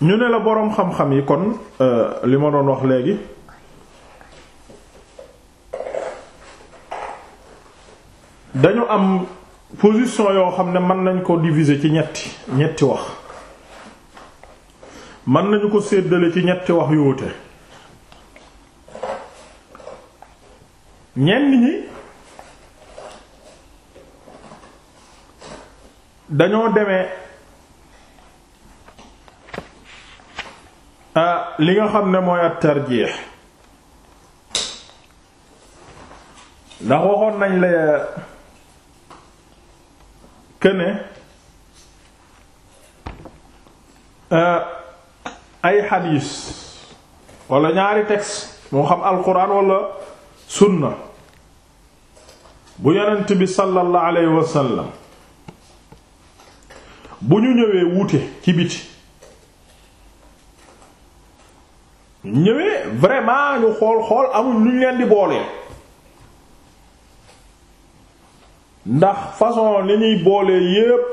ñu ne la boroom xam-xam yi kon euh, li ma doon wax léegi dañu am position yoo xam ne mën nañ ko diviser ci ñetti ñetti wax mën nañu ko séddale ci ñetti wax yu wute ñenn ñi dañoo demee li nga xam ne mooy at tarjiix ndax waxoon nañ la këne euh, ay xadiis wala ñaari texte moo xam alquran walla sunna bu yonent bi sallallahu alayhi bu ñu ñëwee wuute ci biti ñëwee vraiment ñu xool xool amul lu ñu leen di boolee ndax façon li ñuy boolee yépp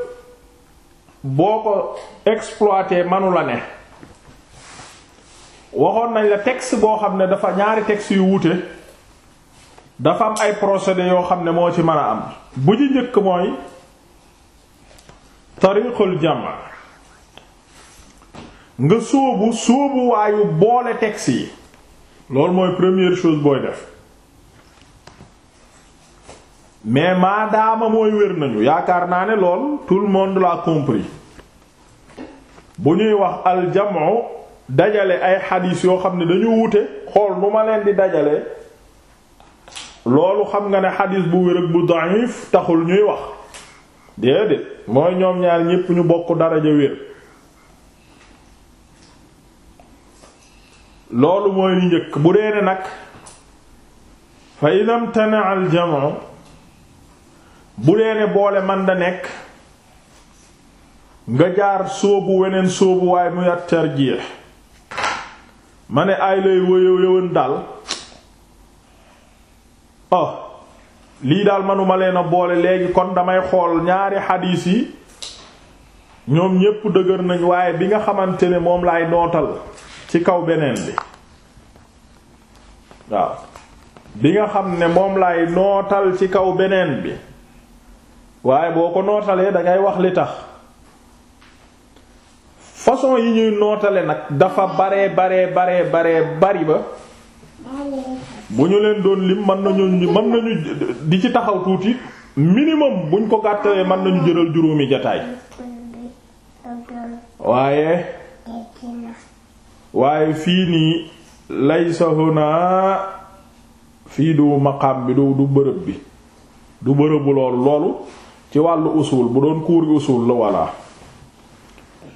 boo ko exploité manu la ne waxoon nañ la texte boo xam ne dafa ñaari texte yu wuute dafa am ay procédés yoo xam ne moo ci mën a am bu ci njëkk mooy tariqul jama nga sóobu sóobu boole texte yi loolu mooy première chose booy def mais maadaama mooy wér nañu yaakaar naa ne lool tout le monde l'a compris bu ñuy wax aljamu dajale ay xadiis yoo xam ne dañu wute xool bu ma leen di dajale loolu xam nga ne xadiis bu wér bu da'if taxul ñuy wax déedéet mooy ñoom ñaar ñépp ñu bokk daraja wér loolu mooy li njëkk bu dee ne nag fa idam tana al bu dee ne boole man da nekk nga jaar sóobu weneen sóobu waaye muy at tarjiix ma ne ay lay wëyëw yëwën daal oh lii daal manuma leen a boole léegi kon damay xool ñaari xadiis yi ñoom ñépp dëgër nañ waaye bi nga xamante ne moom laay nootal ci kaw beneen bi waaw bi nga xam ne moom lay nootal ci kaw beneen bi waaye boo ko nootalee dangay wax li tax façon yi ñuy nootale nag dafa bare bare bare bari ba bu ñu leen doon lim mën nañu mën nañu di ci taxaw tuuti minimum buñ ko gàttalee mën nañu jëlal juróomi jataay waaye waaye fii nii laysa huna fii du maqaam bi du du bërëb bi du bërëbu loolu loolu ci wàllu usul bu doon cours gi usul la voilà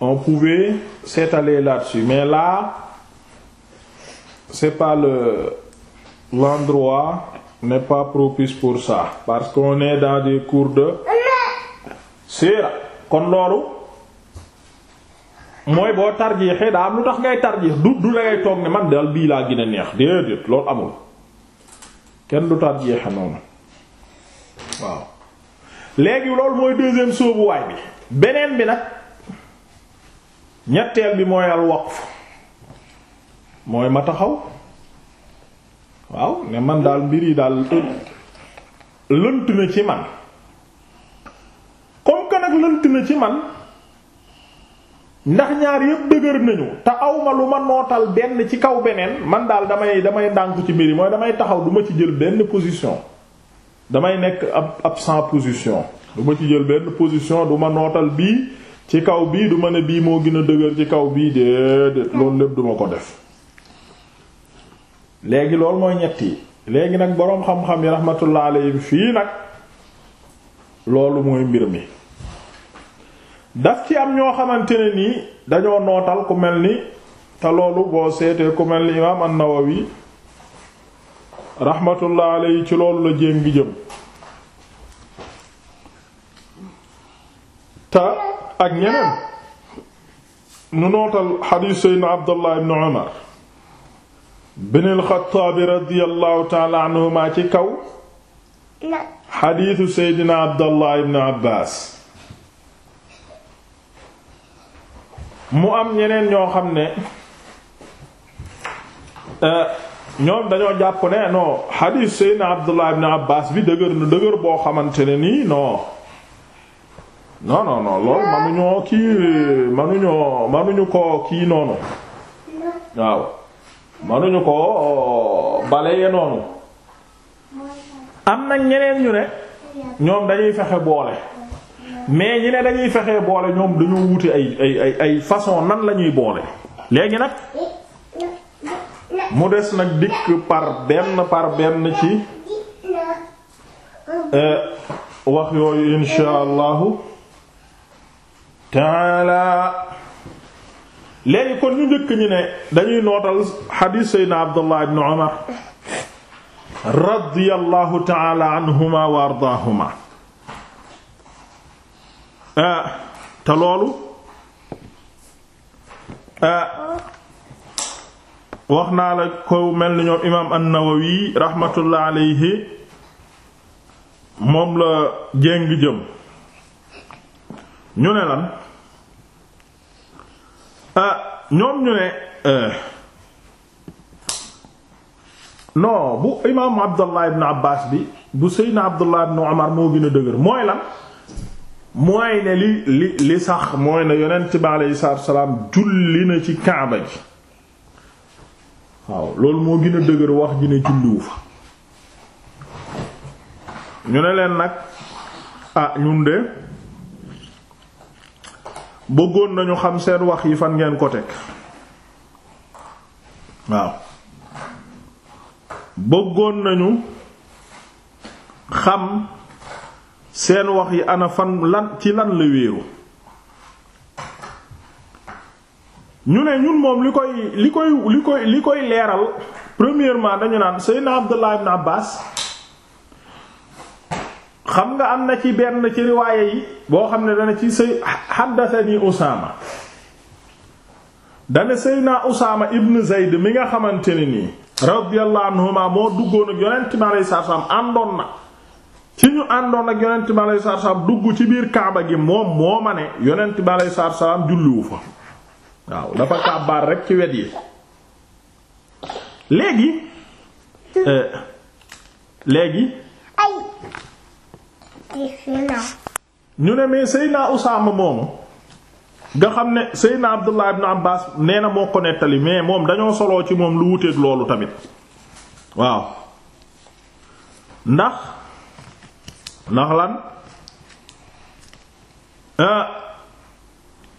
on pouvait s'étaler là mais là c'est pas le l'endroit n'est pas propice pour ça parce qu'on est dans des cours de sira kon loolu mooy boo tarjiixee daa am lu tax ngay tarjiix du du la ngay toog ne man daal bii laa gën a neex déedéet loolu amul kenn du tarjiixe noonu waaw léegi loolu mooy deuxième sóobuwaay bi beneen bi nag ñetteel bi mooy al wax mooy ma taxaw waaw ne man daal mbir yi daal lënt na ci man comme que nag lënt na ci man ndax ñaar yëpp dëgër nañu te awma lu ma nootal benn ci kaw beneen man daal damay damay ndànk ci mbir yi mooy damay taxaw duma ci jël benn position damay nekk ab ab sans position du ci jël benn du ma nootal bii ci kaw bii du ma ne bii moo gën a dëgër ci kaw bii déedéet loolu lépp duma ko def léegi loolu mooy ñett yi léegi nag boroom xam-xam yi rahmatullah alayhi fii nag loolu mooy mbir mi daf ci am ñoo xamante ne nii dañoo nootal ku mel ni te loolu boo seetee ku mel ni imaam an-Nawawi rahmatullah alayhi ci loolu la jéem gi jëm te ak ñeneen nu nootal xadiis seydna Abdullah ibn Umar bin al-Xattaab radiyallahu ta'ala anhuma ci kaw xadiisu seydna Abdullah ibn Abbaas mu am ñeneen ñoo xam ne euh, ñoom dañoo jàpp ne non hadith Seydina Abdullah ibn Abbas bi dëgër na dëgër boo xamante ne nii noo non non non manuñoo kii manuñoo manuñu ko kii noonu waaw manuñu ko euh, baleye noonu am na ñeneen ñu ne ñoom dañuy fexe boole. mais ñi ne dañuy fexe boole ñoom dañoo wuti ay ay ay nan lañuy boole léegi nag mu des nag dikk par benn par benn ci euh, wax yooyu insha allahu taala léegi kon ñu njëkk ñi ne dañuy nootal xadiis seydna abdullah ibn umar radiyallahu taala anhuma wa ardaahuma Ah, te loolu ah, wax naa la ko mel ni ñoom imaam an-Nawawi rahmatullah moom la jéng jëm ñu ne lan ah, ñoom ñu ne eh, non bu imaamu Abdullah ibn Abbas bi bu Seydina Abdullah ibn Umar moo gën a dëgër mooy lan mooy ne li li li sax mooy ne yonent bi aleyhi salaatu salaam julli na ci kaaba gi waaw loolu moo gën a dëgër wax ji ne julliwu fa ñu ne leen nag ah ñun de bëggoon nañu xam seen wax yi fan ngeen ko teg waaw bëggoon nañu xam seen wax yi ana fan lan ci lan la wéeru ñu ne ñun moom li koy li koy li koy li koy leeral premièrement dañu naan Seydina Abdullah ibn Abbas xam nga am na ci benn ci riwaaya yi boo xam ne dana ci say haddathani Usaama dana Seydina Usaama ibn Zayd mi nga xamante ne nii radiyallahu anhuma moo duggoon ak yonent mi alayhi àndoon na ci ñu àndoon ak yonent bi alayhi salaatu dugg ci biir kaaba gi moom moo ma ne yonent bi alayhi salaatu salaam julliwu fa waaw dafa kàbbaar rek ci wet yi léegi euh, léegi ñu ne mais Seydina Usaama moomu nga xam ne Seydina Abdullah ibn Abbas nee na moo ko nettali mais moom dañoo soloo ci moom lu wuteeg loolu tamit waaw ndax ndax lan ah,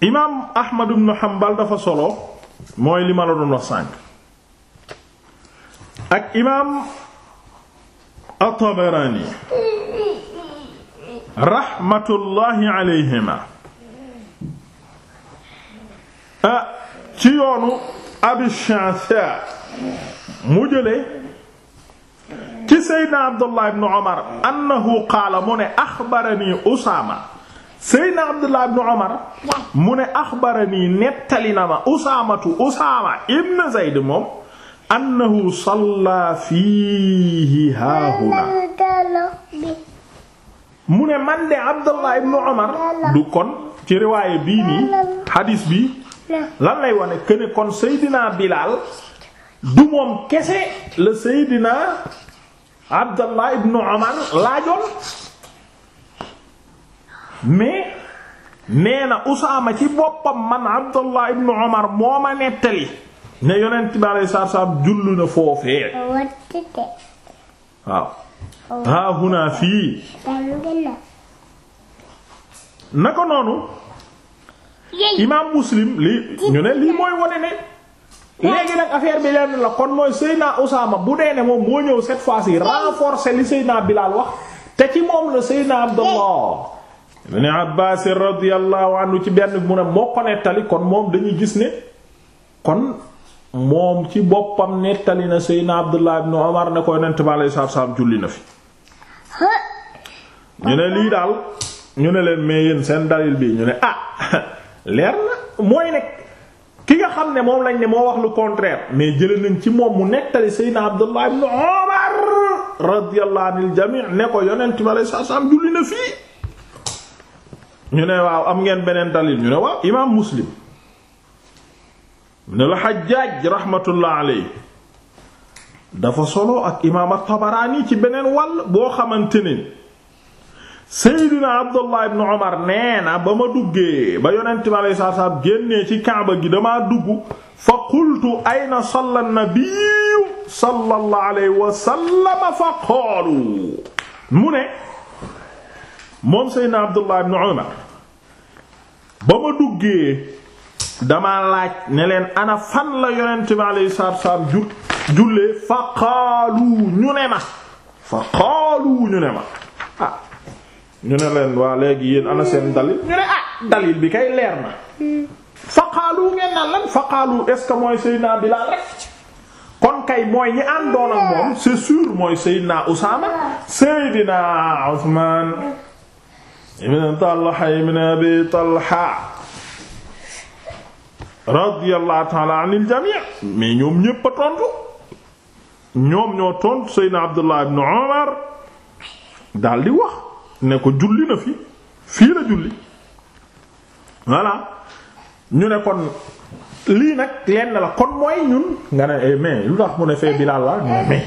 imaam Ahmad Hanbal dafa solo mooy li doon wax sànq ak imaam At-Tabarani rahmatullahi alayhima ah, ci yoonu Abi Sha'tha mu jëlee li seydna abdullah ibnu omar annahu qaala mu nettali na ma usaamatu usaama moom annahu salla fiihi ne man de abdullah ibnu bilaal du moom kese la seydina Abdallah ibnu Oman na Usaama ci boppam man Abdallah ibnu Omar fii naka noonu imaam Muslim lii mooy wone ne léegi nag affaire bi lenn la kon mooy Seydina Usaama bu dee ne moom moo ñëw cette fois-ci renforcer li Seydina Bilaal wax te ci moom la naa Abdallah ibn Abbaas radiyallahu anhu ci benn mu ne moo ko nettali kon moom dañuy gis ne kon moom ci boppam nettali na Seydina Abdullah ibn Umar ne ko Yonent bi alayhi salaatu salaam julli na fi ñu ne lii daal ñu ne leen mais yéen seen dalil bi ñu ne ah leer na mooy nekk ki nga xam ne moom lañ ne moo wax lu contraire mais jëlee nañ ci moom mu nettali Seydina Abdullah ibn Umar radiyallahu anil jami' ne ko ne waaw am ngeen beneen dalil ñu ne waaw imaam Muslim ne la Hajjaj rahmatullah alayhi dafa solo ak imaam at ci beneen wàll boo xamante ne. seydina abdullah ibn omar nee na ba ma duggee ba yonent bi aleyhi salaatu génnee ci kaaba gi damaa dugg fa qultu ayna salla nabiyu sallallahu wa sallama fa qaalu mu ne moom seydina abdullah ibn omar ba ma duggee damaa laaj ne leen ana fan la yonent bi aleyhi salaatu jullee fa qaalu ñu ne ma fa qaalu ñu ne ma ah, ñu ne leen waa léegi yéen ana seen dalil ñu ne ah dalil bi kay leer na faqaalu ngeen naan lan faqaalu est ce que mooy Seydina kon kay mooy ñi àndoon ak c'est sûr mooy Seydina Usaama Seydina Usmaan ibn Talha ibn Abi Talha radiyallahu ta'ala anil jami' mais ñoom ñépp a tontu ñoom ñoo Abdullah ibn Umar daldi wax ne ko julli na fi fii la julli voilà ñu ne kon lii nag lenn la kon mooy ñun nga ne eh, mais lu tax mu ne fee Bilaal la mais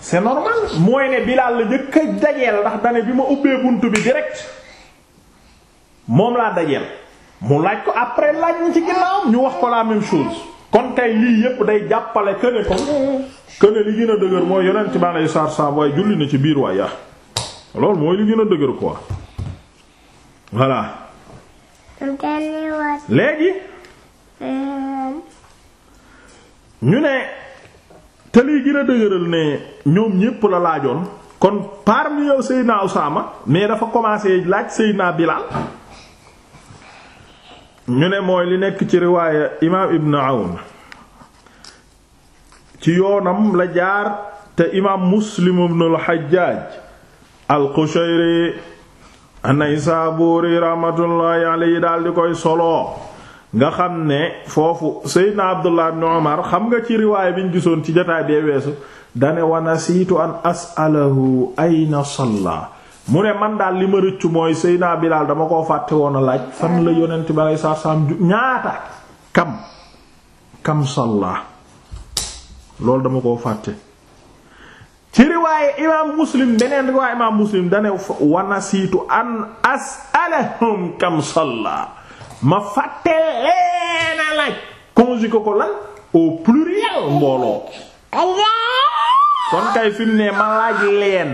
c'est normal mooy ne Bilaal la njëkk a dajeel ndax dane bi ma ubbee buntu bi direct moom laa dajeel mu laaj ko après laaj ñu ci ginnaawam ñu wax ko laa même chose kon kay lii yépp day jàppale que ne kon que li gën a dëgër mooy yonent bi alayhi salaatu wa waaye julli na ci biir waay yaa loolu mooy li gën a dëgër quoi voilà. léegi. ñu ne te lii gën a dëgëral ne ñoom ñépp la laajoon kon parmi yow Seydina Usaama mais dafa commencé laaj Seydina Bilaal ñu ne mooy li nekk ci riwaaya imaam Ibn Awn ci yoonam la jaar te imaam Muslim ibn al-Hajjaj al-Qushayri an-Naysaburi rahmatullahi alayhi daal di koy solo nga xam ne foofu Seydina Abdullah ibn Umar xam nga ci riwaay bi ñu gisoon ci jotaay bee weesu dane wa siitu an as'alahu ayna salla mu ne man daal li ma rëccu mooy Seydina Bilaal dama koo fàtte woon laaj fan la yonent bi aleyhi salaatu ñaata kam kam salla dama ko fàtte riwaaya imaam muslim beneen riwaaya imaam muslim dane wa nasiitu an as'alahum kam salla ma fàtte leena laaj conjugué ko lan au pluriel mbooloo kon kay fi mu ne ma laaj leen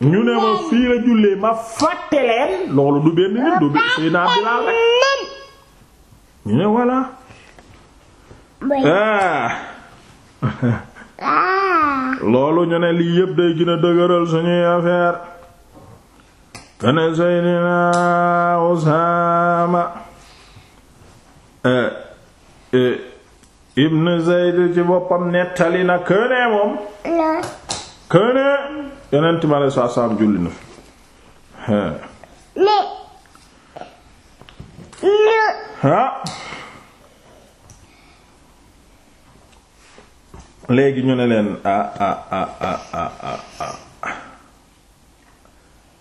ñu ne ma fii la jullee ma fàtte leen loolu du benn nit du benn sëy naa Bilaal rek ñu ne voilà ah. Ah. loolu ñu ne lii yépp day gën a dëgëral suñuy affaire kene Seydina Usaama eh, eh, ibn Zayd ci boppam nettali na kënee moom kënee yonent mi alayhi julli na fi eh. ha léegi ñu ne leen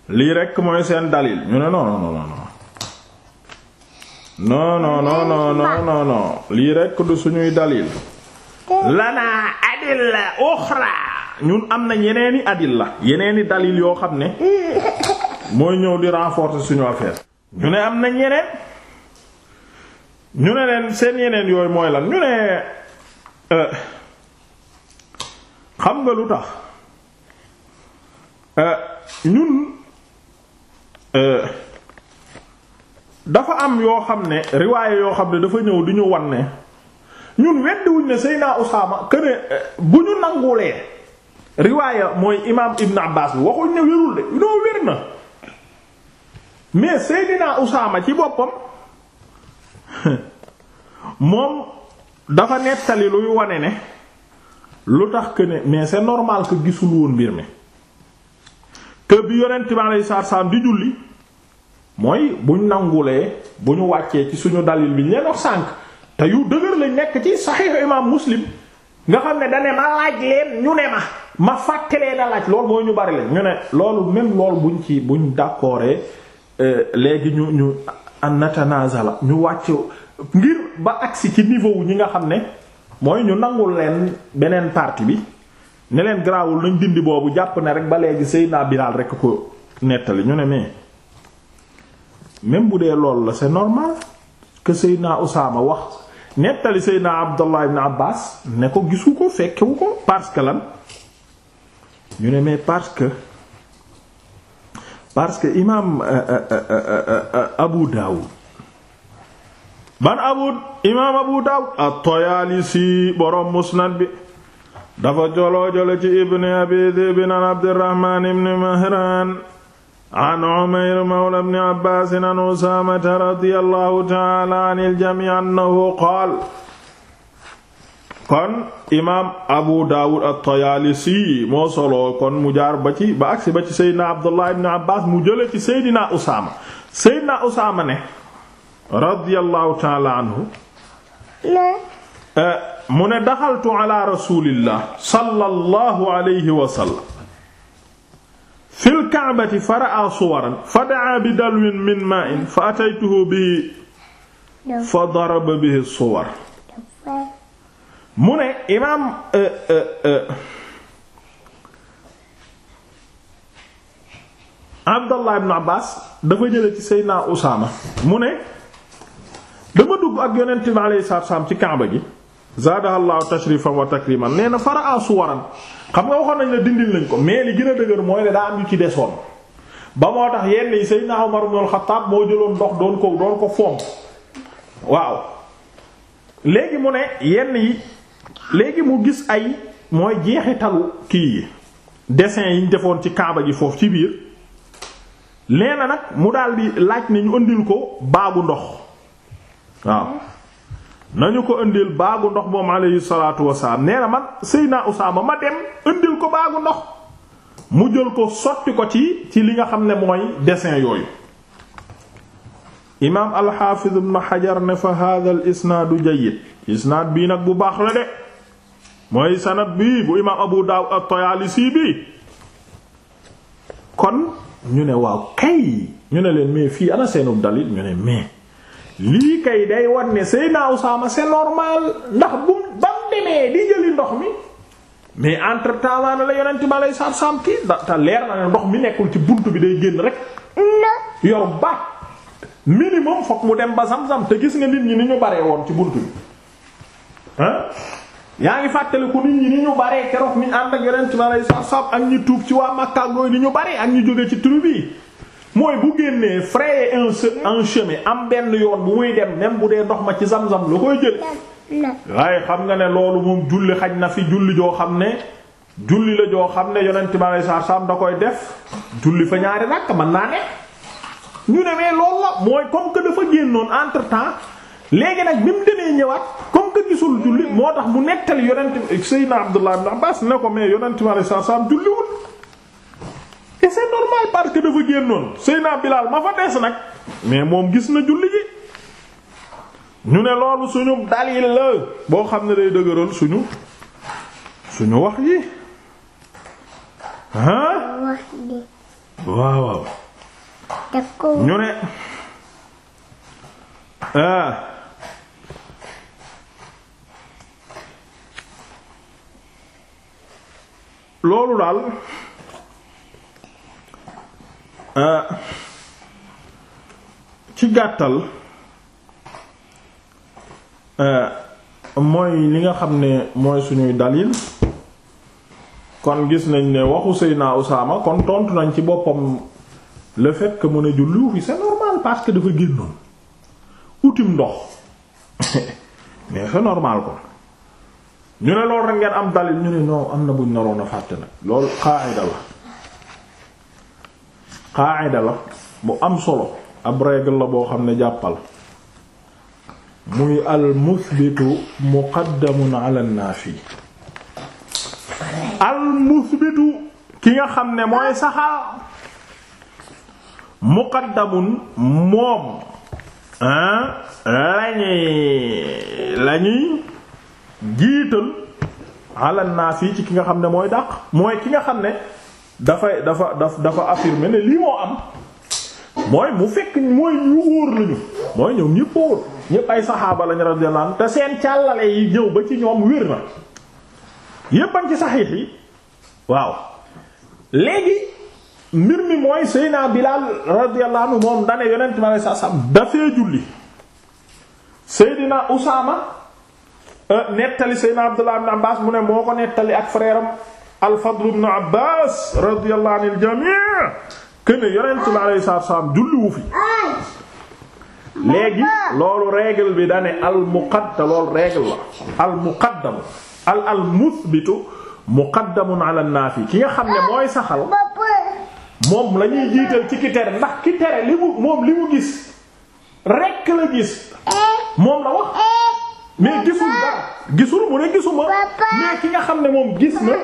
lii rekk mooy seen dalil ñu ne non non non non non non non non non non lii rekk du suñuy dalil. lanaa adilla uxra ñun am nañ yeneeni adilla yeneeni dalil yoo xam ne mooy ñëw di renforcer suñu affaire. ñu ne am nañ ñu ne leen seen yeneen yooyu mooy la ñu ne. Euh, xam nga lu tax euh, ñun euh, dafa am yoo xam ne riwaaye yoo xam ne dafa ñëw di ñu wan ne ñun weddiwuñ ne Seyna Usaama que ne euh, bu ñu nangulee riwaaya mooy imaam Ibn Abbas waxuñ ne wérul de noo wér na mais Seyna Usaama ci boppam moom dafa nettali luy wane ne. lu tax que ne mais c'est normal que gisul woon mbir mi que bi yonent bi alayhi salaam di julli mooy buñ nangulee bu ñu wàccee ci suñu dalil bi ñu leen wax sànq te yu dëgër lañ nekk ci saxiix imaam muslim nga xam ne dane ma laaj leen ñu ne ma ma fàttalee na laaj loolu mooy ñu bari leen ñu ne loolu même loolu buñ ci buñ d'accordé euh, léegi ñu ñu an natanazala ñu wàcc ngir ba agsi ci niveau ñi nga xam ne. mooy ñu nangul leen beneen partie bi ne leen garaawul nañ dindi boobu jàpp ne rek ba léegi Seydina Bilaal rek ko nettali ñu ne mais même bu dee loolu la c'est normal que Seydina Usaama wax nettali Seydina Abdallah ibn Abbas ne ko gisu ko fekkewu ko parce que lan ñu ne mais parce que parce que imaam euh, euh, euh, Abu Dawud ban abu imaam abu daawud at-Tayaalisi borom musnad bi dafa joloo jole ci ibn abi dhi'b an abdirahman ibn mahran an umayr mawla ibn abbaas an usaamata radiyallahu ta'ala anil jamii annahu qaal kon imaam abu daawud at-Tayaalisi moo soloo kon mu jaar ba ci ba agsi ba ci seydina abdullah ibn abbaas mu jële ci seydina usaama seydina usaama ne radiyallahu taala anhu eh, mu ne daxaltu ala rasulillah sallallahu alayhi wa sallam fil ka'bati fara'a suwaran fada'a bi dalwin min ma'in fa ataytuhu bihi fa daraba bihi suwar mu ne imaam eh, eh, Abdallah ibn Abbas dafa jële ci Seydina Usaama mu ne dama dugg ak yonent bi alayhi salaatu salaam ci kaaba gi zaadaha Allahu tashrifan wa takriman nee na fara suwaran xam nga waxoon nañ la dindil nañ ko mais li gën a dëgër mooy ne daa am yu ci desoon ba moo tax yenn yi Seydina Umar ibn al-Khattab moo jëloon ndox doon ko doon ko fomp waaw léegi mu ne yenn yi léegi mu gis ay mooy jeexitalu kii yi dessin yi ñu defoon ci kaaba gi foofu ci biir nee nag mu daal daldi laaj ne ñu ëndil ko baabu ndox waaw nañu ko indil baagu ndox moom alayhi salaatu wasalaam nee na man Seydina Usaama ma dem indil ko baagu ndox mu jël ko sotti ko ci ci li nga xam ne mooy dessin yooyu imaam alxaafiz ibn Hajar ne fa hadha al isnaadu jayyid isnaad bii nag bu baax la de mooy sanad bii bu imaam Abu Daawud at-Tayaalisi bi kon ñu ne waaw kay ñu ne leen mais fii ana seenu dalil ñu ne mais lii kay day wan ne Seydina Usaama c'est normal ndax bu ba mu demee di jëli ndox mi mais entre temps la yonent ma lay saar saam kii da te leer na ne ndox mi nekkul ci bunt bi day génn rek yor baat minimum fokk mu dem ba sam te gis nga nit ñi ni ñu baree woon ci bunt bi ah yaa ngi fàttaliku nit ñi ni ñu baree keroog mi ànd ak yonent ma lay saar saam ak ñi tuub ci waa Makka yooyu ni ñu baree ak ñu jóge ci tribu bi mooy bu génnee frayer un un chemin am benn yoon bu muy dem même bu dee ndox ma ci zam-zam la koy jël waaye xam nga ne loolu moom julli xaj na fi julli joo xam ne julli la joo xam ne yonent bi aleyhi salaatu salaam da koy def julli fa ñaari rakk mën naa ne ñu ne mais loolu la mooy comme que dafa génnoon entre temps léegi nag bi mu demee ñëwaat comme que gisul julli moo tax mu nettali yonent Seydina Abdullah ibn Abbas ne ko mais yonent bi aleyhi salaatu salaam julliwul et c'est normal parce que dafa génnoon Seyna Bilal ma fa des nag mais moom gis na julli ji ñu ne loolu suñu dalil la boo xam ne day dëgëral suñu suñu wax yi ah waaw waaw ñu ne loolu daal Euh, ci gàttal euh, mooy li nga xam ne mooy suñuy dalil kon gis nañ ne waxu Seyna Usaama kon tontu nañ ci boppam le fait que mu ne julli fi c'est normal parce que dafa génnoon utim ndox mais c'est normal kon ñu ne loolu rek ngeen am dalil ñu ne non am na buñ naroon a fàtte nag loolu xaaida la qaacida la bu am solo ab règle la boo xam ne jàppal muy al musbitu muqaddamun ala naafi al musbitu ki nga xam ne mooy saxal muqaddamun moom lañuy lañuy jiital ala naafi ci ki nga xam ne mooy dàq mooy ki nga xam ne dafay dafa daf dafa affirmer ne lii moo am mooy mu fekk mooy ñu wóor lañu mooy ñoom ñëpp wóor ñëpp ay saxaaba lañu radiyallahu ñëw ba ci ñoom wér na yéppan ci saxiix yi waaw léegi mbir mi mooy Seyna Bilaal radiyallahu anhu moom dane yonent ma sa sam dafee julli Seydina Usaama euh, nettali Seyna Abdullah ibn Abbaas mu ne moo ko nettali ak frère al-Fadl ibn Abbas radiyallahu anil jamii këne yonent bi alayhi salaatu salaam julliwu fi léegi loolu règle bi dane al-muqaddam loolu règle la al-muqaddam al al-muthbitu muqaddamun ala an-naafi ki nga xam ne mooy saxal moom lañuy ñuy jiital ci ki tere ndax ki tere li mu moom li mu gis rekk la gis moom la wax mais gisul dara gisul mu ne gisuma mais ki nga xam ne moom gis na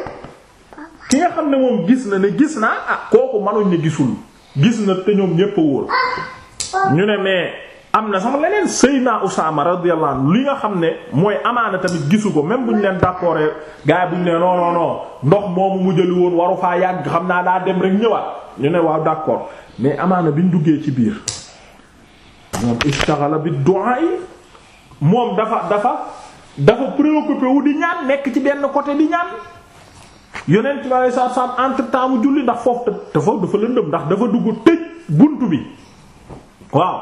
ki nga xam ne moom gis na ne gis naa ah kooku manuñ ne gisul gis na te ñoom ñépp a ñu ne mais am na sama leneen Seydina Usaama radiyallahu li nga xam ne mooy amaana tamit gisu ko même bu ñu leen d'accord gars yi bu ñu ne non ndox moomu mu jëli woon waru faa yàgg xam naa daa dem rek ñëwaat ñu ne waaw d'accord mais amaana bi ñu duggee ci biir moom istaxala bi du'a yi moom dafa dafa dafa préoccupé di ñaan nekk ci benn côté di ñaan. yonent bi alayhi salaatu entre temps mu julli ndax foofu dafa dafa lëndëm ndax dafa dugg tëj bunt bi waaw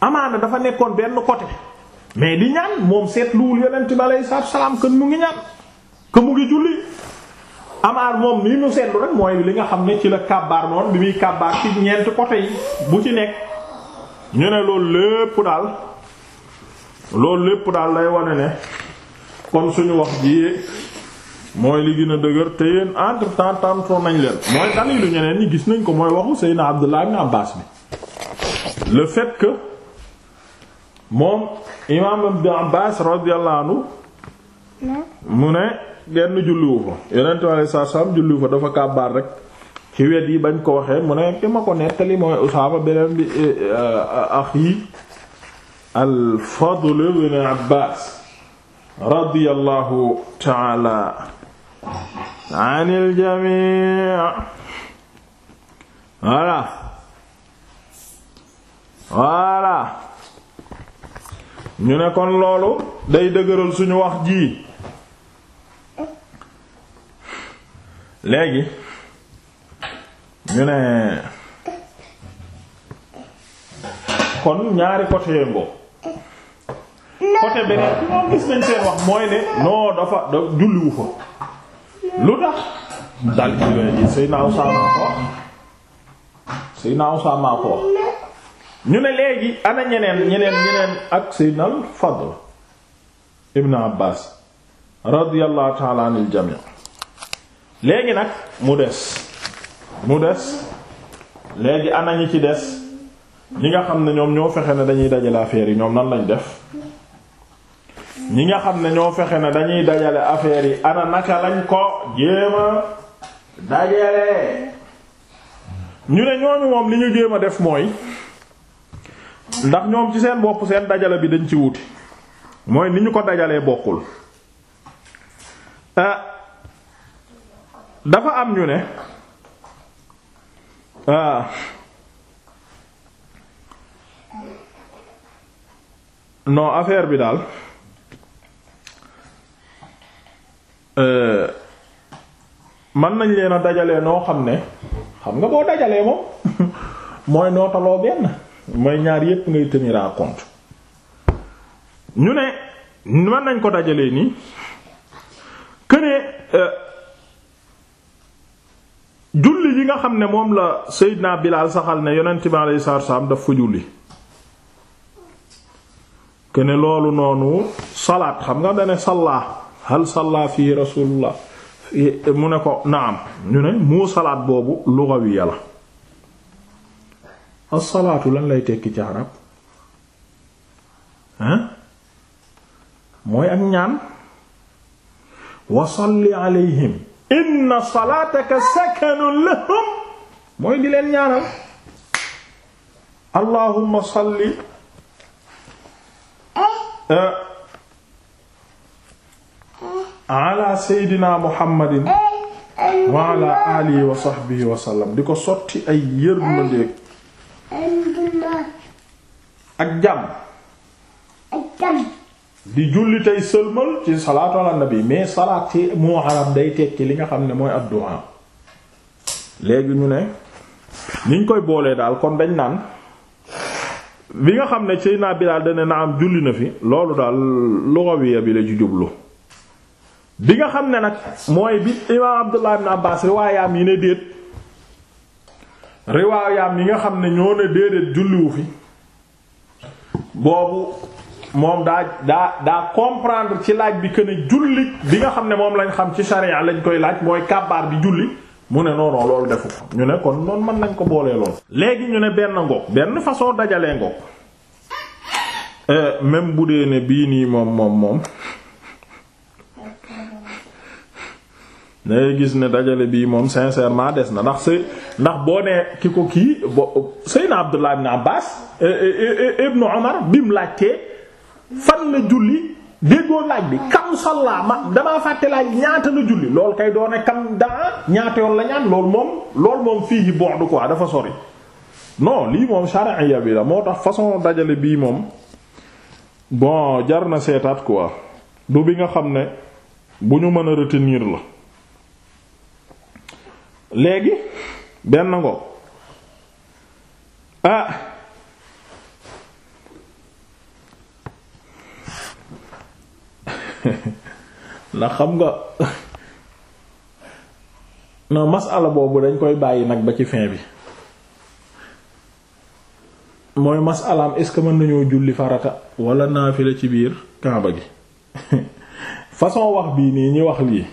amaana dafa nekkoon benn côté mais di ñaan moom seetluwul yonent bi alayhi salaatu salaam kën mu ngi ñaan que mu ngi julli amaar moom li ñu seetlu rek mooy li nga xam ne ci la kàbbaar noonu bi muy kàbbaar ci ñeenti côté yi bu ci nekk ñu ne loolu lépp daal loolu lépp daal lay wane ne kon suñu wax ji mooy li gën dëgër te yéen entre temps tantôt nañ leen mooy dalilu ñeneen ñi gis nañ ko mooy waxu Seydina Abdullah ibn Abbas bi le que moom imaam Ibn Abbas radiyallahu anhu mu ne genn julliwu fa yonent bi alayhi salaam julliwu fa dafa kàbbaar rek ci wet yi bañ ko waxee mu ne ki ma ko nettali mooy Usaama beneen bi eh, eh, axi al Fadl ibn Abbas radiyallahu ta'ala an iljami voilà voilà ñu ne kon loolu day dëgëral suñu wax ji léegi ñu ne kon ñaari côté ngo côté beneen bi moom gis nañ seen wax mooy ne non dafa da julliwu fa lu tax daal ci yooyu ji Seydina Usaama ko wax Seydina ñu ne léegi ana ñeneen ñeneen ñeneen ak Seydina al Fadl ibn Abbaas radiyallahu ta'ala léegi nag mu des mu des léegi ana ñi ci des ñi nga xam ne ñoom ñoo fexe ne dañuy dajale affaire yi ñoom nan lañu def ñi nga xam ne ñoo fexe na dañuy dajale affaire yi ana naka lañ ko jéema dajale ñu ne ñooñu moom li ñu jéem a def mooy ndax ñoom ci seen bopp seen dajale bi dañ ci wuti mooy ni ñu ko dajalee bokkul euh, dafa am ñu ne ah non affaire bi daal Euh, mën nañ leen a dajalee noo xam ne xam nga boo dajalee moom mooy nootaloo benn mooy ñaar yépp ngay tenir en ñu ne man nañ ko dajale nii kënee euh, julli yi nga xam ne moom la Seydina Bilaal saxal ne yonent bi alayhi salaatu salaam daf fa julli këne loolu noonu salaat xam nga dane sallaa hal salla fii rasulullah mu ne ko naam ñu ne mu salaat boobu lugawiya la as-salaatu lan lay tekki ci arab hein mooy ak ñaan wa salli alayhim inna salaataka sakanun lahum mooy di leen ñaanal allahumma salli eh, ala seydina muhammadin wa ala alihi wa sahbihi wa sallam di ko sotti ay yërmandeek ak jàmm di julli tey sëlmal ci salaatu ala nabi mais salaat ci moo arab day tekki li nga xam ne mooy addu'a léegi ñu ne niñ koy boolee daal kon dañ naan bi nga xam ne Seydina Bilaal dana na am julli na fi loolu daal lugawiya bi la ci jublu bi nga xam ne nag mooy bi imaam Abdullah ibn Abbas riwaayaam yi ne déet riwaayaam yi nga xam ne ñoo ne déedéet julliwu fi boobu moom daa daa daa comprendre ci laaj bi que ne julli bi nga xam ne moom lañ xam ci sharia lañ koy laaj mooy kàbbaar bi julli mu ne non loolu defu ñu ne kon noonu mën nañ ko boolee lool. léegi ñu ne benn ngoog benn façon dajalee ngoog. Euh, même bu dee ne bii nii moom moom moom. dangay gis ne dajale bii moom sincèrement des na ndax sëy ndax boo nee ki ko kii bo Seydina Abdullah ibn Abbas eh, eh, eh, ibn Umar bi mu laajtee fan la julli déggoo laaj bi kam salla ma damaa fàtte laaj ñaata la julli loolu kay doone kam daa ñaata yoon la ñaan loolu moom loolu moom fii yi ko quoi dafa sori non lii moom charia bi la moo tax façon dajale bii moom bon jar na seetaat quoi du bi nga xam ne bu ñu mën a retenir la léegi benn ngo ah ndax xam nga noo masala boobu dañ koy bàyyi nag ba ci fin bi mooy masalaam est-ce que mën nañoo julli farata wala naafila ci biir kaaba gi façon wax bii nii ñi wax lii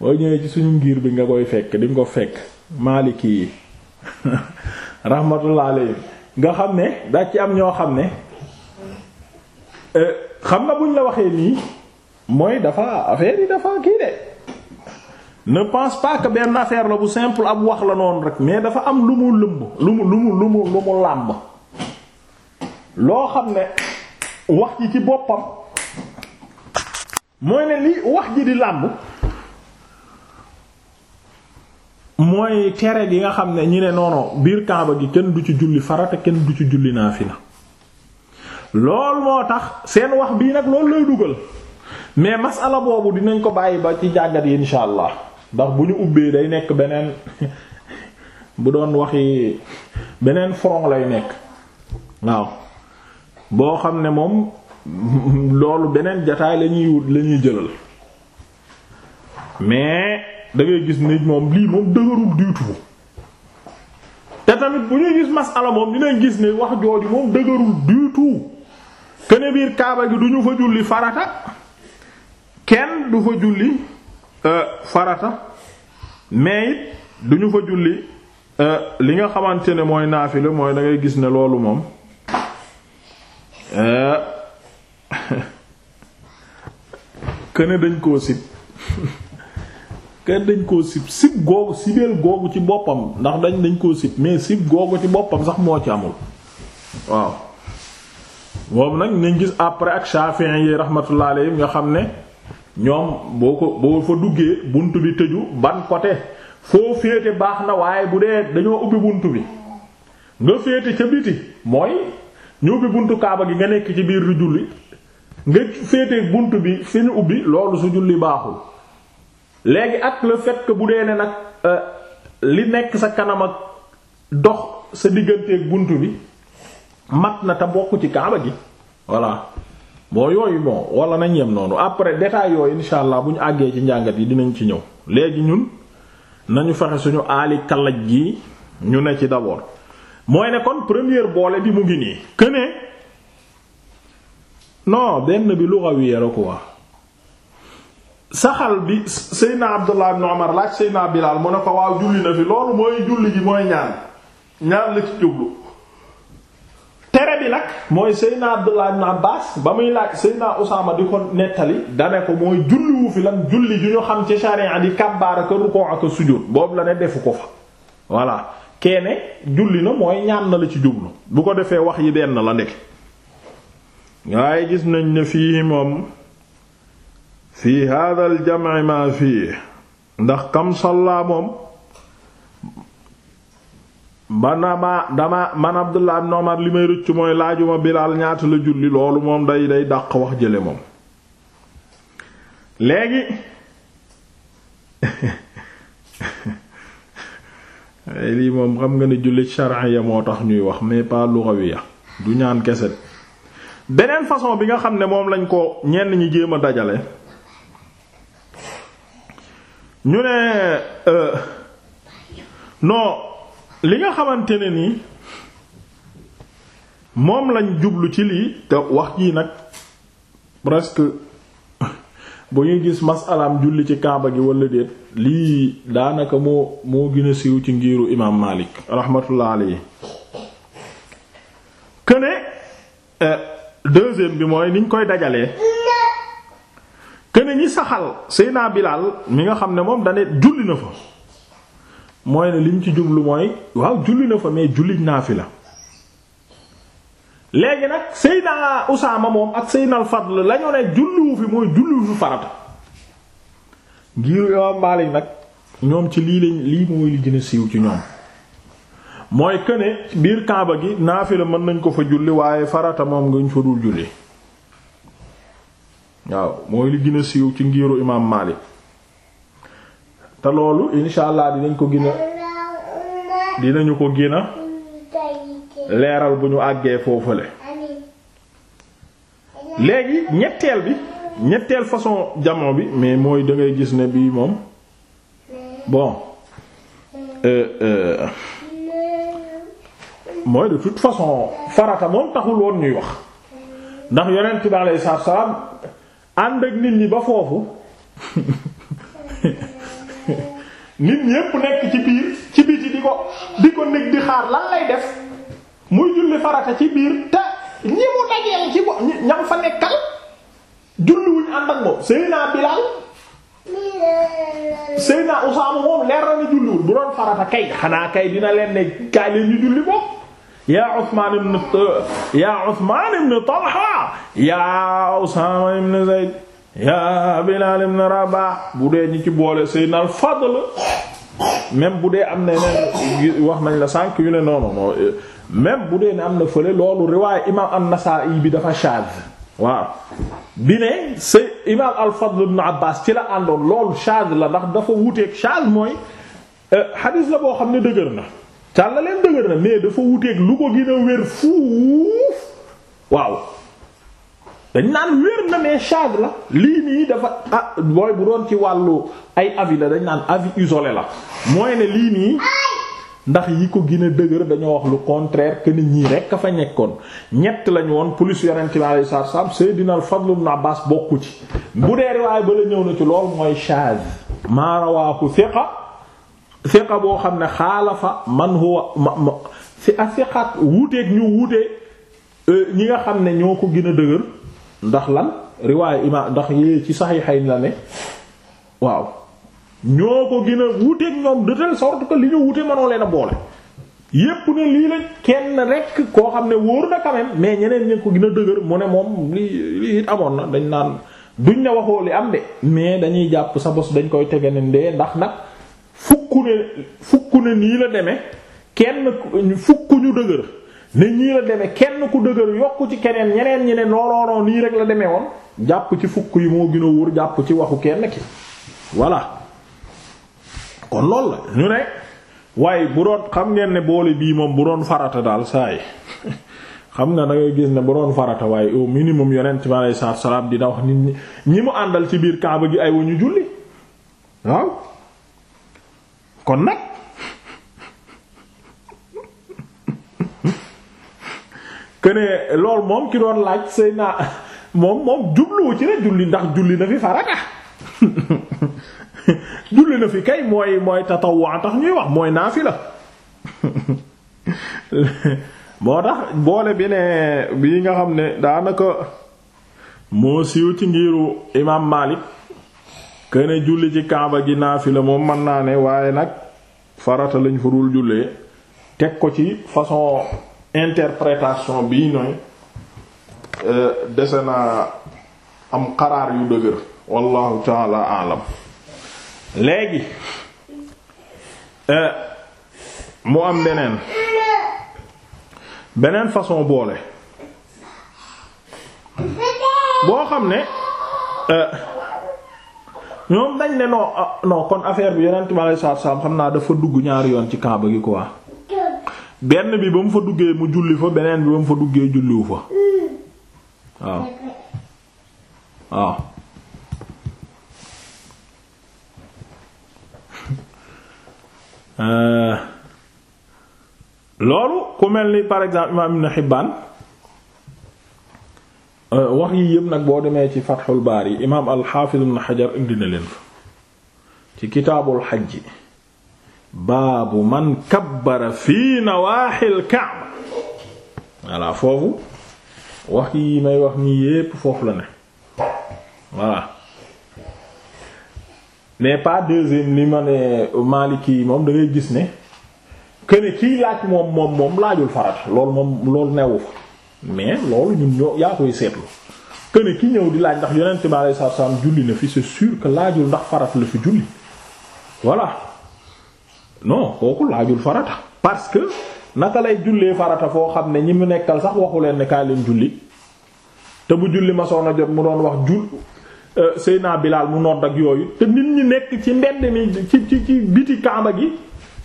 boo ñëwee ci suñu ngir bi nga koy fekk di nga ko fekk maaliki yi rahmatullah alayhi nga xam ne da ci am ñoo xam ne eh, xam nga buñ la waxee nii mooy dafa affaire yi dafa kii de ne pense pas benn affaire la bu simple ab wax la noonu rek mais dafa am lu mu lëmb lu mu lu mu lu mu lu mu làmb loo xam ne wax ji ci boppam mooy ne li wax ji di làmb mooy tere gi nga xam ne ñi ne noono biir kaaba gi kenn du ci julli farata kenn du ci julli naafila lool moo tax seen wax bii nag loolu lay dugal mais masala boobu dinañ ko bàyyi ba ci jàggat yi insha allah ndax bu ñu ubbee day nekk beneen bu doon waxi beneen front lay nekk waaw boo xam ne moom loolu beneen jataay lañuy wut lañuy jëlal mais dangay gis nit moom lii moom dëgërul du te tamit bu ñuy gis masala moom dinañ gis ne wax jooju moom dëgërul du tout kene biir kaaba gi du ñu fa julli farata kenn du fa julli euh, farata mais it du julli euh, li nga xamante ne mooy naafile mooy dangay gis ne loolu moom kene euh, dañ koo sib kenn dañ koo sib sib googu sibeel googu ci boppam ndax dañ dañ ko sib mais sib googu ci boppam sax moo ci amul waaw moom nag nañ gis après ak Shafi'i yi rahmatullah alayhim nga xam ne ñoom boo ko boo fa duggee bunt bi tëju ban côté foo féete baax na waaye bu dee dañoo ubbi bunt bi nga féete ca biti mooy ñu ubbi buntu kaaba gi nga nekk ci biir di julli nga féete bunt bi fi ñu ubbi loolu su julli baaxul léegi ak le fait bu dee ne nag euh, li nekk sa kanam ak dox sa digganteek bunt bi mat na te bokk ci kaaba gi voilà boo yooyu bon wala nañ yem noonu après détail yooyu insha allah bu ñu àggee ci njàngat yi dinañ ci ñëw léegi ñun nañu fexe suñu aali kalaj gi ñu ne ci d'abord mooy ne kon première boole bi mu ngi nii que ne non benn bi lu xaw yéeru ko wax saxal bi Seydina Abdullah ibn Umar laaj Seydina Bilaal mu ne ko waaw julli na fi loolu mooy julli gi mooy ñaan ñaan la ci jublu tere bi nag mooy Seydina Abdullah ibn Abbaas ba muy laaj Seydina Usaama di ko nettali dane ko mooy julliwu fi lan julli ju ñu xam ci sharia di kàbbaara ko rukkoo ak sujjóot boobu la ne defu ko fa voilà keene julli na mooy ñaan na la ci jublu bu ko defee wax yi benn la ndeke waaye gis nañ ne fii moom fi hada aljamci maa fii ndax kam sallaa moom banama dama man abdullah ibn omar li may rëcc mooy laajuma bilaal ñaata la julli loolu moom day day daq wax jële moom léegi lii moom xam nga ne julli shar'iyya moo tax ñuy wax mais pas lughawiyya du ñaan kese beneen façon bi nga xam ne moom lañ ko ñenn ñi jéem a dajale ñu ne euh, non li nga xamante ne ni moom lañ jublu ci lii te wax jii nag presque bu ñuy gis masalaam julli ci kaaba gi wala déet lii daanaka moo moo gën a siiw ci ngiiru imaam Maalik rahmatullah alayhi que ne euh, bi mooy niñ koy dajalee. saxal Seyna Bilal mi nga xam ne moom dane julli na fa mooy ne lim ci jublu mooy waaw julli na fa mais julli naa fi la léegi nag Seyna Usaama moom ak Seyna al-Fadl lañu ne julliwu fi mooy julliwu fi farata ngir yow Maalik nag ñoom ci lii lañ lii mooy li gën siiw ci ñoom mooy këne biir Kaaba gi naa naafila mën nañ ko fa julli waaye farata moom nga ñu fa dul julli waaw mooy li gën siiw ci ngiiru imaam Maalik te loolu insha allah dinañ ko gën dinañu ko gën leeral bu ñu àggee foofale léegi ñetteel bi ñetteel façon jamono bi mais mooy da gis ne bii moom bon euh euh mooy de toute façon farata moom taxul woon ñuy wax ndax yonent bi alayhi salaam ànd ak nit ñi ba foofu nit ñépp nekk ci biir ci biti di ko di ko nekk di xaar lan lay def muy julli farata ci biir te ñi mu dajeel ci bo ñam fa nekkal julliwuñ ànd ak moom Seyna Bilal Seyna Usaama moom leer na ne julliwul bu doon farata kay xanaa kay dina leen ne kaay leen ñu julli moom yaa Usmaan ibn yaa Usmaan ibn Talha yaa Usaama ibn Zayd yaa Bilaal ibn Rabah bu dee ñi ci boole Sayyidina al-Fadl même bu dee am na yeneen wax nañ la sànq yu ne non non même bu dee ne am na fële loolu riwaaya imaam an-Nasaa'i bi dafa shaaz waaw bi ne say imaam al-Fadl ibn Abbaas ci la àndoon loolu shaaz la ndax dafa wuuteeg shaaz mooy hadith euh, la boo xam ne dëgër na. càlla leen dëgër na mais dafa wuteeg lu ko gën wér fuuf waaw dañ naan wér na mais charge la lii nii dafa ah booy bu doon ci wàllu ay avis la dañ naan avis isolé la mooy ne lii nii ndax yi ko gën a dëgër dañoo wax lu contraire que nit ñi rekk a fa nekkoon ñett lañu woon plus yonent bi alayhi salaatu dina Seydina al-Fadl ibn Abbas bokku ci bu dee riwaay ba la ñëw na ci lool mooy charge maa rawaahu siqa boo xam ne xaala xaalafa man huwa ma si a siqaat wuuteeg ñu wuutee ñi nga xam ne ñoo ko gën a dëgër ndax lan riwaaye imaam ndax yée ci saxiixayn la ne waaw ñoo ko gën a wuuteeg ñoom de telle sorte li ñu wute mënoo leen a boole yépp ne lii la kenn rek koo xam ne wóor na quand mais ñeneen ñi ko gën a dëgër mu ne moom lii lii it amoon na dañ naan duñ ne waxoo li am de mais dañuy jàpp sa bos dañ koy tege ne ndee ndax nag fukk ne fukk ne nii la demee kenn fukk ñu dëgër ne ñii la demee kenn ku dëgër yokk ci keneen ñeneen ñi ne nooloonoon nii rek la demee woon jàpp ci fukk yi moo gën a wóor jàpp ci waxu kenn ki voilà kon loolu la ñu ne waaye bu doon xam ngeen ne boole bii moom bu doon farata daal saa yi xam nga da ngay gis ne bu doon farata waaye au minimum yonent bi alayhi salaam dina wax nit ñi ñi mu àndal ci biir kaaba gi ay wu ñu julli waaw kon nag këne loolu moom ki doon laaj sëy naa moom moom jubluwu ci ne julli ndax julli na fi farata julli na fi kay mooy mooy tatawwa tax ñuy wax mooy naafila moo tax boole bi ne bii nga xam ne daanaka moo siiw ci ngiru imaam Maalik këne julli ci kaaba gi naafila moom mën naa ne waaye nag farata lañ fa dul jullee teg ko ci façon interprétation bii noy euh, dese na am xaraar yu dëgër wallahu taala alam léegi euh, mu am beneen beneen façon boole boo xam ne euh, ñoom dañ ne non ah, non kon affaire bi yonent bi alayhi salaatu salaam xam naa dafa dugg ñaari yoon ci kaaba gi quoi benn bi ba mu fa duggee mu julli fa beneen bi ba mu fa duggee julliwu fa waaw waaw euh, loolu ku mel ni par exemple imaam Ibn Hibbaan Euh, wax yi yëpp nag boo demee ci Fathul Baari imaam al-Hafiz Ibn Hajar indi na leen fa ci kitaabul xajji baabu man kabbara fii nawaaxil Kaaba voilà foofu wax yi may wax nii yépp foofu la ne voilà mais pas deuxième li ma ne Maliki yi moom da gis ne que ne kiy laaj moom moom moom laajul farat loolu moom loolu newu fa mais loolu ñun ñoo yaa koy seetlu que ne ki ñëw di laaj ndax yonent bi alayhi salaatu salaam julli na fi c'est sûr que laajul ndax farata la fi julli voilà non kooku laajul farata parce que naka lay jullee farata foo xam ne ñi mu nekkal sax waxu leen ne kaay leen julli te bu julli ma a jot mu doon wax jul euh, naa Bilal mu nodd ak yooyu te nit ñi nekk ci mbedd mi ci ci ci biti kaamba gi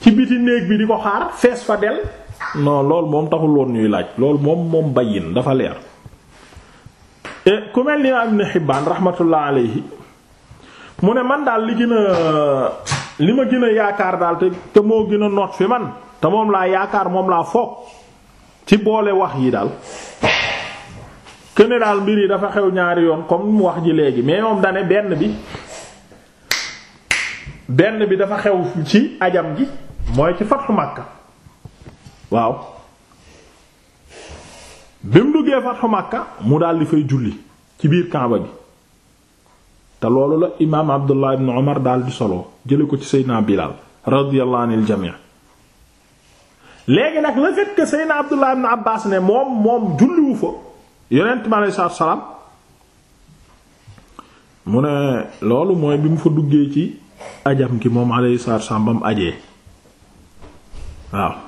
ci biti néeg bi di ko xaar fees fa del non loolu moom taxul woon ñuy laaj lool moom moom bayin dafa leer e, ku mel ni Ibn Hibbaan rahmatullah alayhi mu ne man daal li gën a li ma gën a yaakaar daal te te moo gën a noot fi man te moom laa yaakaar moom laa foog ci boole wax yi daal këne daal mbir yi dafa xew ñaari yoon comme mu wax ji léegi mais moom dane benn bi benn bi dafa xew ci ajam gi mooy ci fatxu Makka waaw bi mu duggee fatxu Makka mu daldi di fay julli ci biir Kaaba bi te loolu la imaam Abdullah ibn Umar daal solo jële ko ci Seydina Bilal radiyallahu anil jami' léegi nag le fait que Seydina Abdullah ibn ne moom moom julliwu fa yonent mi alayhi salaatu salaam mu ne loolu mooy bi mu fa duggee ci ajam ki moom alayhi salaatu salaam ba mu ajee waaw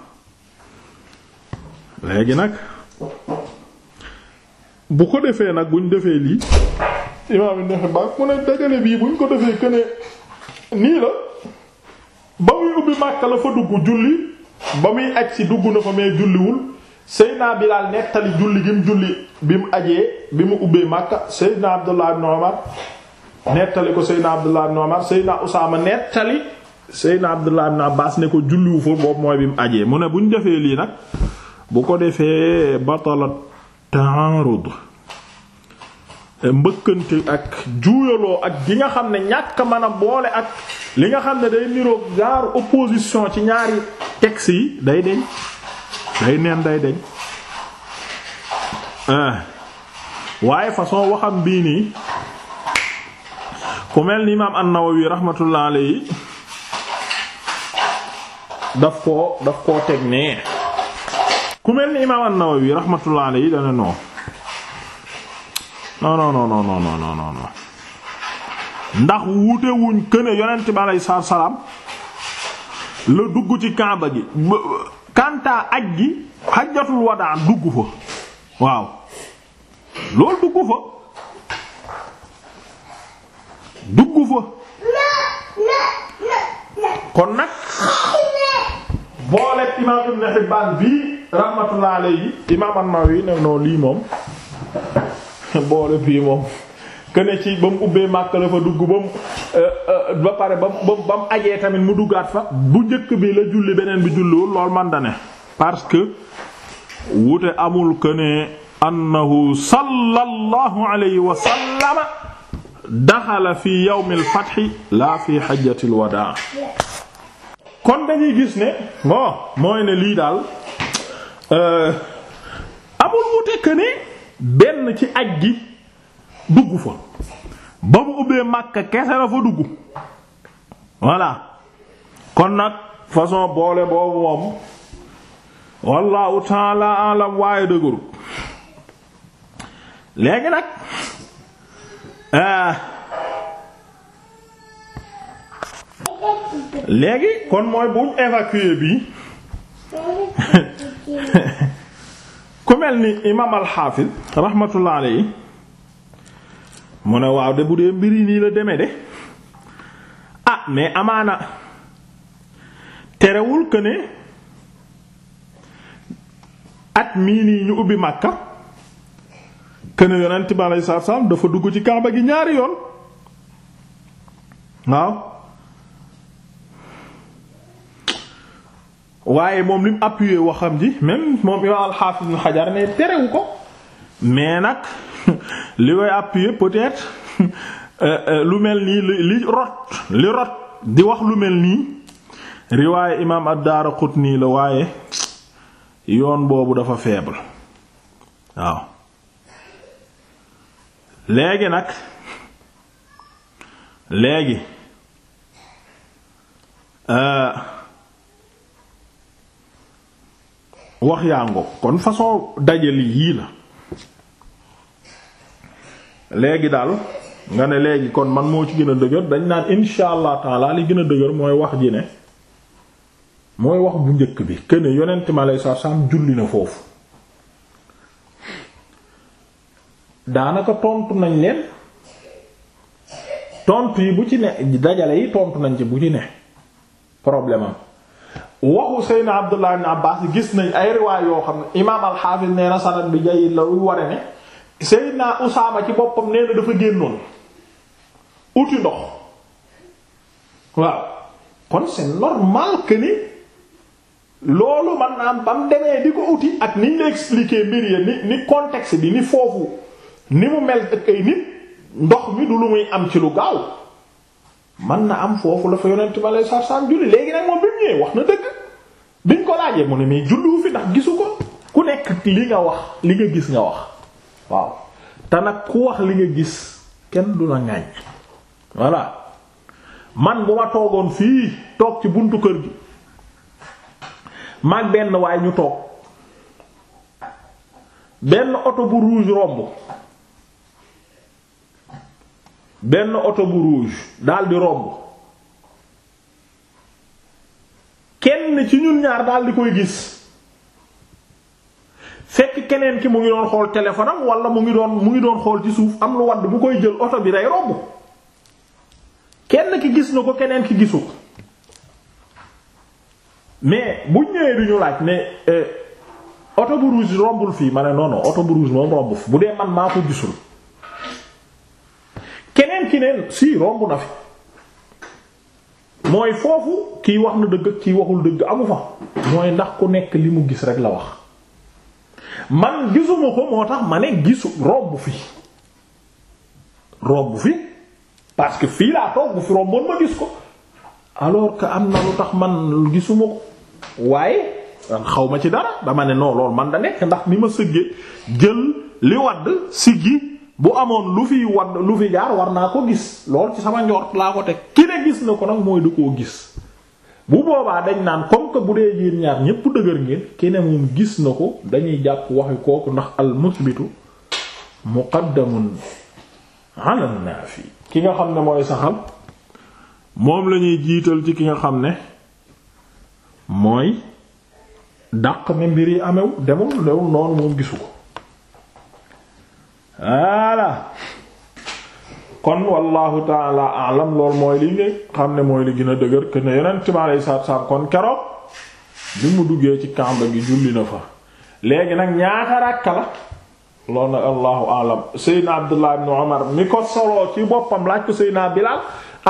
léegi nag bu ko defee nag bu ñu defee lii imaam Ibn Hibbaan mu ne dajale bii buñ ko defee que nii la ba muy ubbi Makka la fa dugg julli ba muy aj si dugg na fa mais julliwul Seydina Bilaal nettali julli gi mu julli bi mu ajee bi mu ubbee Makka Seydina Abdullah ibn Umar nettali ko Seydina Abdullah ibn Umar Seydina Usaama nettali Seydina Abdullah ibn Abbaas ne ko julliwu fa boobu mooy bi mu ajee mu ne buñ defee lii nag bu ko defee batalat ta'arud mbëkkante ak juuyaloo ak gi nga xam ne ñàkk mën a boole ak li nga xam ne day niroog gaaru opposition ci ñaari texte yi day deñ day neen day deñ ah. waaye façon waxam bii nii ku mel ni imaam an-Nawawi rahmatullah alayhi daf koo daf koo teg nee ku mel ni imaam an-Nawawi rahmatullah alayhi dana non non non non non non ndax wuute wuñ këne yonent bi alayhi salaam la dugg ci Kaaba gi kanta aj gi hajjatul wadaa dugg fa waaw lool dugg fa dugg fa kon nag booleeg imaam Ibn Hibbaan bii rahmatullah alayhi imaam an ne non lii moom boole bii moom kene ci ba mu ubbee màkk la fa dugg ba mu euh, euh, ba pare ba mu ajee tamit mu duggaat fa bu njëkk bi la julli beneen bi julliwul lool man ne parce que wute amul kene annahu sallallahu alayhi wa sallama daxala fi yawmil fathi la fi hajjatil wadaa kon dañuy gis ne bon mooy ne lii daal euh, amul mu tekk ne benn ci aj gi dugg fa ba mu ubbee Makka kese la fa dugg voilà kon nag façon boole boobu moom wallahu taala alam waaye dëgërut léegi nag euh, léegi kon mooy buñ évacuer bii ku mel ni imaam alxaafis rahmatullah alayhi mu ne waaw de bu dee mbir yi nii la demee de ah mais amaana terewul que at mii ñu ubbi màkka que ne yonent bi alayhi dafa dugg ci Kaaba gi ñaari yoon waaw. waaye moom li mu waxam ji même moom imaam al-Hafiz Ibn Hajar terewu ko mais nag li koy appuyé peut-être euh, euh, lu mel nii li rot li rot di wax lu mel nii riwaaye imaam ad-Daraqutni la waaye yoon boobu dafa faible waaw léegi nag léegi. Euh, wax yaa ngoog kon façon dajale yii la léegi daal nga ne léegi kon man moo ci gën a dëgër dañ naan insha allah taala li gën a dëgër mooy wax ji ne mooy wax bu njëkk bi këne yonent mi alayhi salaam julli na foofu daanaka tontu nañ leen tontu yi bu ci ne dajale yi tontu nañ ci bu ci ne problème waxu Seydina Abdullah ibn Abbas gis nañ ay riwaay yoo xam ne imaam al-Hafiz na sanad bi jayyid la luy ware ne Seydina Usaama ci boppam nee na dafa génnoon uti ndox waaw kon c'est normal que ni loolu man naa ba demee di ko uti ak niñ la expliquer mbir yi ni ni contexte bi ni foofu ni mu mel ak ay nit ndox mi du lu muy am ci lu gaaw man na am foofu dafa fa yonent ba lay sarsam julli léegi nag moom bi mu ñëwee wax na dëgg biñ ko laajee mu ne mais julliwu fi ndax gisu ko ku nekk li nga wax li nga gis nga wax waaw te nag ku wax li nga gis kenn du la ŋàññ voilà man bu ma toogoon fii toog ci buntu kër gi maag benn waaye ñu toog benn oto bu rouge romb benn oto bu rouge daldi romb kenn ci ñun ñaar daldi koy gis fekk keneen ki mu ngi doon xool téléphone am walla mu ngi doon mu ngi doon xool ci suuf am lu wadd bu koy jël oto bi day romb kenn ki gis na ko keneen ki gisu mais bu ñëwee du ñu laaj ne euh, oto bu rouge rombul fii ma ne non non oto bu rouge moom rombu fi bu dee man maa ko gisul. tekki ne si romb na fi mooy foofu kii wax na dëgg kii waxul dëgg amu fa mooy ndax ku nekk li mu gis rek la wax man gisuma ko moo tax ma ne gisu robb fi romb fi parce que fii laa toog fi romboon ma gis ko alors que am na lu tax man gisuma ko waaye xaw ma ci dara dama ne non loolu man da nekk ndax ni ma sëggee jël li wadd siggi bu amoon lu fi wadd lu fi jaar war naa ko gis lool ci sama njort laa ko teg ki ne gis na ko nag mooy du koo gis bu boobaa dañ naan comme que bu dee yéen ñaar ñépp dëgër ngeen ki ne moom gis na ko dañuy jàpp waxi kooku ndax al musbitu muqaddamun ala naafi ne mooy saxal moom lañuy jiital ci ki nga xam ne mooy dàq ne mbir yi amew demul lewul noonu moom gisu ko voilà kon wallahu taala alam lool mooy li nga xam ne mooy li gën a dëgër que ne yonent mi alayhi salaatu kon keroog bi mu duggee ci kàmba gi julli na fa léegi nag ñaata ràkka la loolu nag allahu alam seydna abdullah ibn omar mi ko solo ci boppam laaj ko seydna bilal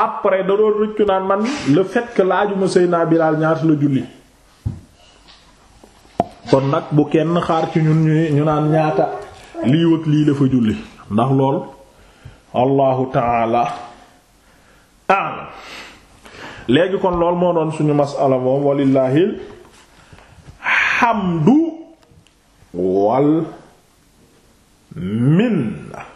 après da doon rëccu naan man le fait que laajuma seydna bilal ñaata la julli kon nag bu kenn xaar ci ñun ñu naan ñaata lii wëg lii dafa fa julli ndax lool allahu taala a'lam léegi kon lool moo doon suñu masala moom walillahil hamdu wal minna